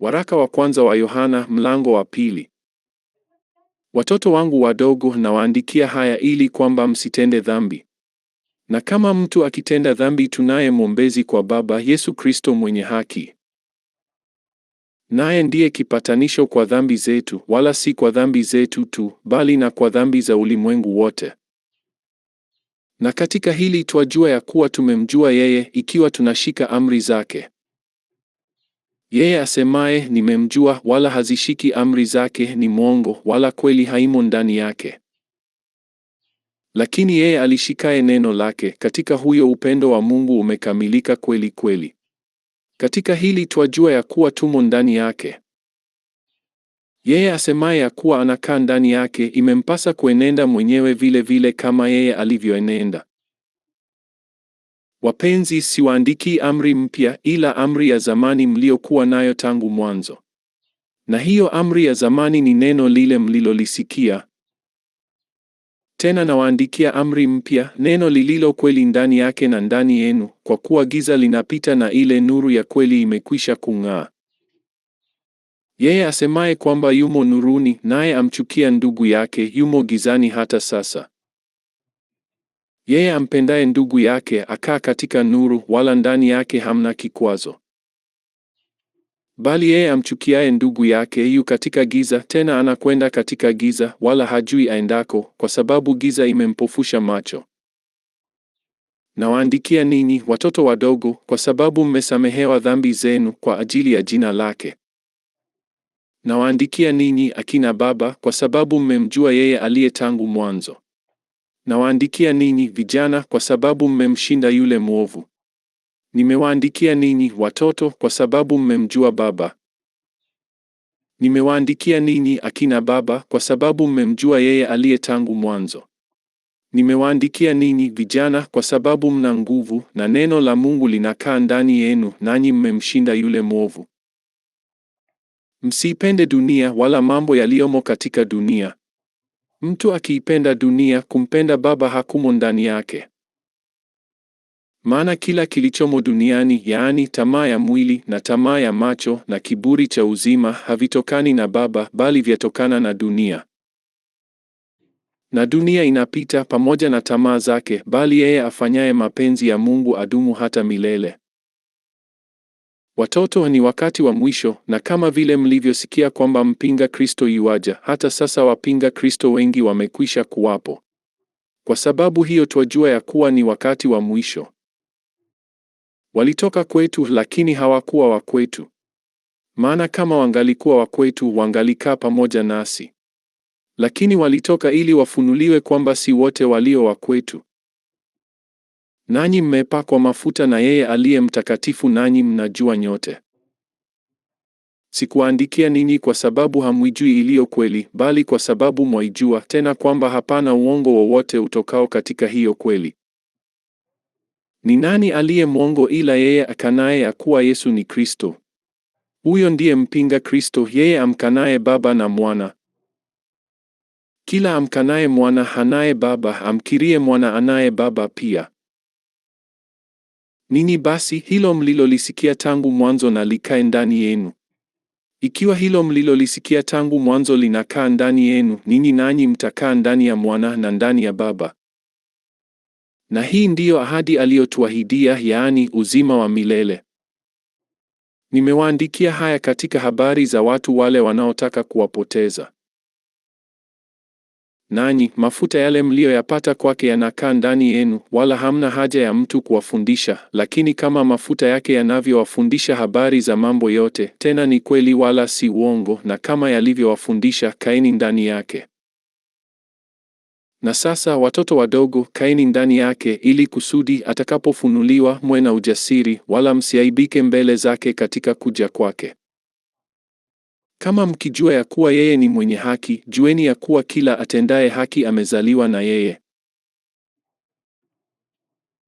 Waraka wa kwanza wa Yohana mlango wa pili. Watoto wangu wadogo, nawaandikia haya ili kwamba msitende dhambi. Na kama mtu akitenda dhambi, tunaye mwombezi kwa Baba, Yesu Kristo mwenye haki. Naye ndiye kipatanisho kwa dhambi zetu, wala si kwa dhambi zetu tu, bali na kwa dhambi za ulimwengu wote. Na katika hili twajua ya kuwa tumemjua yeye, ikiwa tunashika amri zake. Yeye asemaye nimemjua, wala hazishiki amri zake, ni mwongo, wala kweli haimo ndani yake. Lakini yeye alishikaye neno lake, katika huyo upendo wa Mungu umekamilika kweli kweli. Katika hili twajua ya kuwa tumo ndani yake. Yeye asemaye ya kuwa anakaa ndani yake, imempasa kuenenda mwenyewe vile vile kama yeye alivyoenenda. Wapenzi, siwaandikii amri mpya, ila amri ya zamani mliokuwa nayo tangu mwanzo. Na hiyo amri ya zamani ni neno lile mlilolisikia. Tena nawaandikia amri mpya, neno lililo kweli ndani yake na ndani yenu, kwa kuwa giza linapita na ile nuru ya kweli imekwisha kung'aa. Yeye asemaye kwamba yumo nuruni, naye amchukia ndugu yake, yumo gizani hata sasa. Yeye ampendaye ndugu yake akaa katika nuru, wala ndani yake hamna kikwazo. Bali yeye amchukiaye ndugu yake yu katika giza, tena anakwenda katika giza, wala hajui aendako, kwa sababu giza imempofusha macho. Nawaandikia ninyi watoto wadogo, kwa sababu mmesamehewa dhambi zenu kwa ajili ya jina lake. Nawaandikia ninyi akina baba, kwa sababu mmemjua yeye aliye tangu mwanzo. Nawaandikia ninyi vijana, kwa sababu mmemshinda yule mwovu. Nimewaandikia ninyi watoto, kwa sababu mmemjua Baba. Nimewaandikia ninyi akina baba, kwa sababu mmemjua yeye aliye tangu mwanzo. Nimewaandikia ninyi vijana, kwa sababu mna nguvu, na neno la Mungu linakaa ndani yenu, nanyi mmemshinda yule mwovu. Msiipende dunia, wala mambo yaliyomo katika dunia. Mtu akiipenda dunia, kumpenda Baba hakumo ndani yake. Maana kila kilichomo duniani, yaani tamaa ya mwili na tamaa ya macho na kiburi cha uzima, havitokani na Baba, bali vyatokana na dunia. Na dunia inapita pamoja na tamaa zake, bali yeye afanyaye mapenzi ya Mungu adumu hata milele. Watoto, ni wakati wa mwisho, na kama vile mlivyosikia kwamba mpinga Kristo yuaja, hata sasa wapinga Kristo wengi wamekwisha kuwapo. Kwa sababu hiyo twajua ya kuwa ni wakati wa mwisho. Walitoka kwetu, lakini hawakuwa wa kwetu. Maana kama wangalikuwa wa kwetu, wangalikaa pamoja nasi. Lakini walitoka ili wafunuliwe kwamba si wote walio wa kwetu nanyi mmepakwa mafuta na yeye aliye mtakatifu, nanyi mnajua nyote. sikuandikia ninyi kwa sababu hamwijui iliyo kweli, bali kwa sababu mwaijua, tena kwamba hapana uongo wowote utokao katika hiyo kweli. Ni nani aliye mwongo ila yeye akanaye ya kuwa Yesu ni Kristo? Huyo ndiye mpinga Kristo, yeye amkanaye Baba na Mwana. Kila amkanaye Mwana hanaye Baba, amkirie Mwana anaye Baba pia nini basi hilo mlilolisikia tangu mwanzo na likae ndani yenu. Ikiwa hilo mlilolisikia tangu mwanzo linakaa ndani yenu, ninyi nanyi mtakaa ndani ya Mwana na ndani ya Baba. Na hii ndiyo ahadi aliyotuahidia, yaani uzima wa milele. Nimewaandikia haya katika habari za watu wale wanaotaka kuwapoteza nanyi mafuta yale mliyoyapata kwake yanakaa ndani yenu, wala hamna haja ya mtu kuwafundisha. Lakini kama mafuta yake yanavyowafundisha habari za mambo yote, tena ni kweli wala si uongo, na kama yalivyowafundisha, kaeni ndani yake. Na sasa, watoto wadogo, kaeni ndani yake, ili kusudi atakapofunuliwa mwe na ujasiri, wala msiaibike mbele zake katika kuja kwake. Kama mkijua ya kuwa yeye ni mwenye haki, jueni ya kuwa kila atendaye haki amezaliwa na yeye.